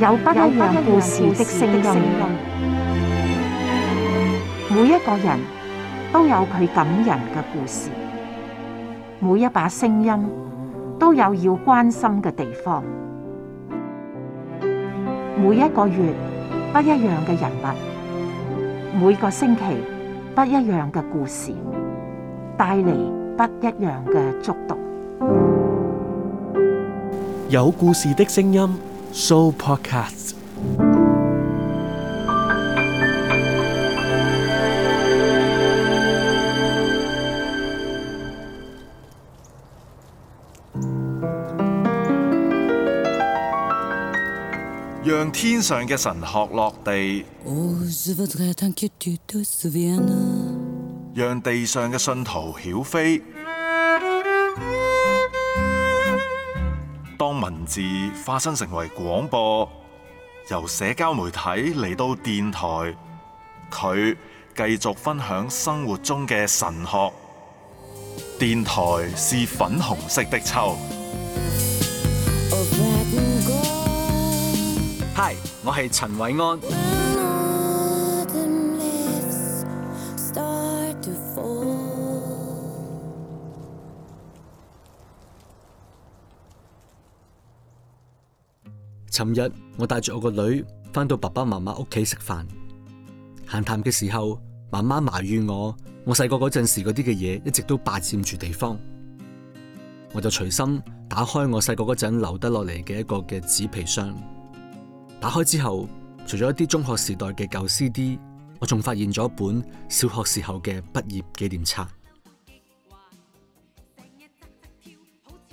有不一樣故事的聲音，每一個人都有佢感人嘅故事，每一把聲音都有要關心嘅地方，每一個月不一樣嘅人物，每個星期不一樣嘅故事，帶嚟不一樣嘅觸動。有故事的聲音。Show podcast，讓天上嘅神學落地，讓地上嘅信徒曉飛。字化身成為廣播，由社交媒體嚟到電台，佢繼續分享生活中嘅神學。電台是粉紅色的秋。嗨，我係陳偉安。尋日我帶住我個女返到爸爸媽媽屋企食飯，閒談嘅時候，媽媽埋怨我，我細個嗰陣時嗰啲嘅嘢一直都霸佔住地方。我就隨心打開我細個嗰陣留得落嚟嘅一個嘅紙皮箱，打開之後，除咗一啲中學時代嘅舊 CD，我仲發現咗一本小學時候嘅畢業紀念冊。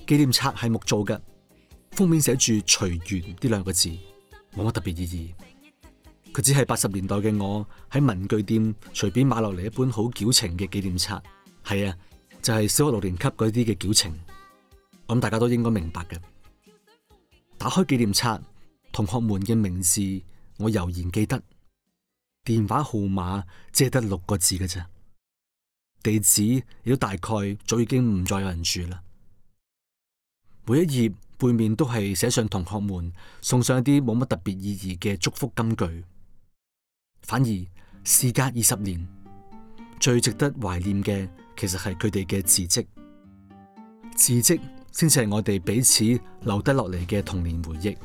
紀念冊係木做嘅。封面寫住隨緣呢兩個字，冇乜特別意義，佢只係八十年代嘅我喺文具店隨便買落嚟，一本好矯情嘅紀念冊。係啊，就係小學六年級嗰啲嘅矯情，咁大家都應該明白嘅。打開紀念冊，同學們嘅名字我猶然記得，電話號碼只係得六個字嘅咋，地址亦都大概早已經唔再有人住啦。每一頁。背面都係寫上同學們送上一啲冇乜特別意義嘅祝福金句，反而事隔二十年，最值得懷念嘅其實係佢哋嘅字跡，字跡先至係我哋彼此留低落嚟嘅童年回憶。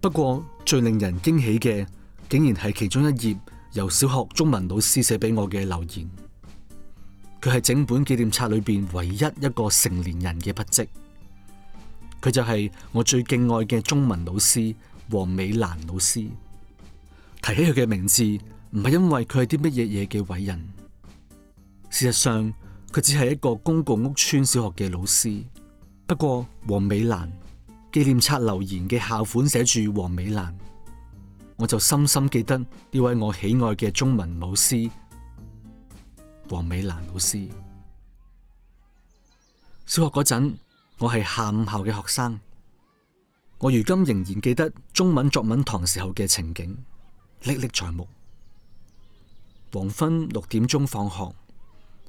不過最令人驚喜嘅，竟然係其中一頁由小學中文老師寫俾我嘅留言，佢係整本紀念冊裏邊唯一一個成年人嘅筆跡。佢就係我最敬愛嘅中文老師黃美蘭老師。提起佢嘅名字，唔係因為佢係啲乜嘢嘢嘅偉人，事實上佢只係一個公共屋邨小學嘅老師。不過黃美蘭紀念冊留言嘅校款寫住黃美蘭，我就深深記得呢位我喜愛嘅中文老師黃美蘭老師。小學嗰陣。我係下午校嘅學生，我如今仍然記得中文作文堂時候嘅情景，歷歷在目。黃昏六點鐘放學，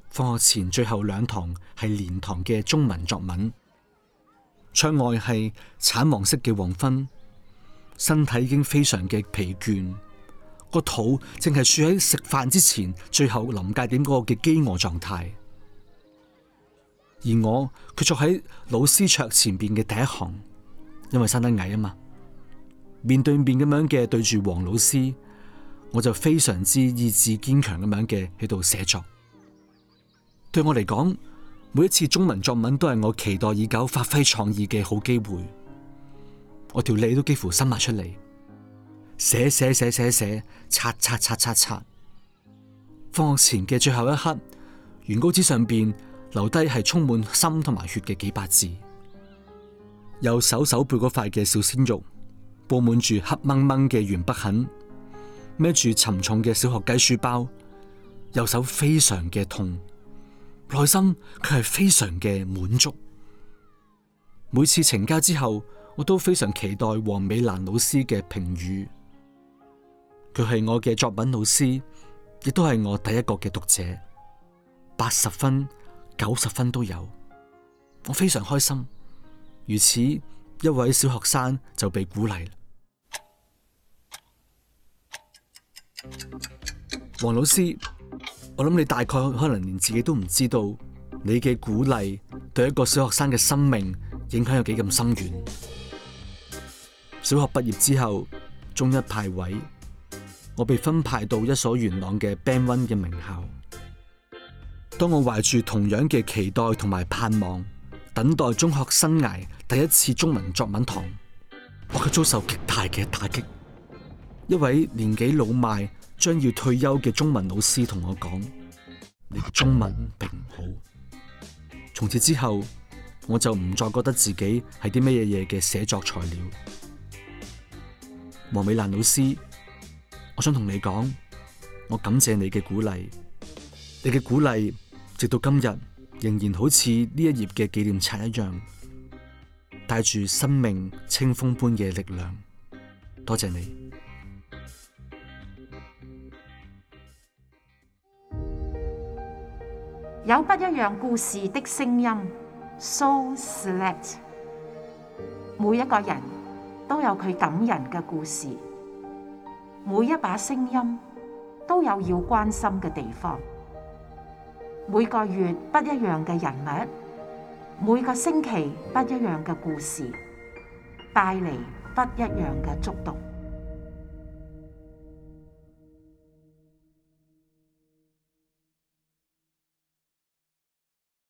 放學前最後兩堂係連堂嘅中文作文。窗外係橙黃色嘅黃昏，身體已經非常嘅疲倦，個肚正係處喺食飯之前最後臨界點嗰個嘅飢餓狀態。而我佢坐喺老師桌前邊嘅第一行，因為生得矮啊嘛，面對面咁樣嘅對住黃老師，我就非常之意志堅強咁樣嘅喺度寫作。對我嚟講，每一次中文作文都係我期待已久、發揮創意嘅好機會。我條脷都幾乎伸埋出嚟，寫寫寫寫寫，擦擦擦擦擦。放學前嘅最後一刻，原稿紙上邊。留低係充滿心同埋血嘅幾百字，右手手背嗰塊嘅小鮮肉布滿住黑掹掹嘅鉛筆痕，孭住沉重嘅小學雞書包，右手非常嘅痛，內心佢係非常嘅滿足。每次呈交之後，我都非常期待黃美蘭老師嘅評語。佢係我嘅作品老師，亦都係我第一個嘅讀者。八十分。九十分都有，我非常開心。如此一位小學生就被鼓勵了。王老師，我諗你大概可能連自己都唔知道，你嘅鼓勵對一個小學生嘅生命影響有幾咁深遠。小學畢業之後，中一派位，我被分派到一所元朗嘅 Band One 嘅名校。當我懷住同樣嘅期待同埋盼望，等待中學生涯第一次中文作文堂，我卻遭受極大嘅打擊。一位年紀老邁、將要退休嘅中文老師同我講：你嘅中文並唔好。從此之後，我就唔再覺得自己係啲乜嘢嘢嘅寫作材料。黃美蘭老師，我想同你講，我感謝你嘅鼓勵，你嘅鼓勵。直到今日，仍然好似呢一頁嘅紀念冊一樣，帶住生命清風般嘅力量。多謝你，有不一樣故事的聲音，So select。每一個人都有佢感人嘅故事，每一把聲音都有要關心嘅地方。每個月不一樣嘅人物，每個星期不一樣嘅故事，帶嚟不一樣嘅觸動。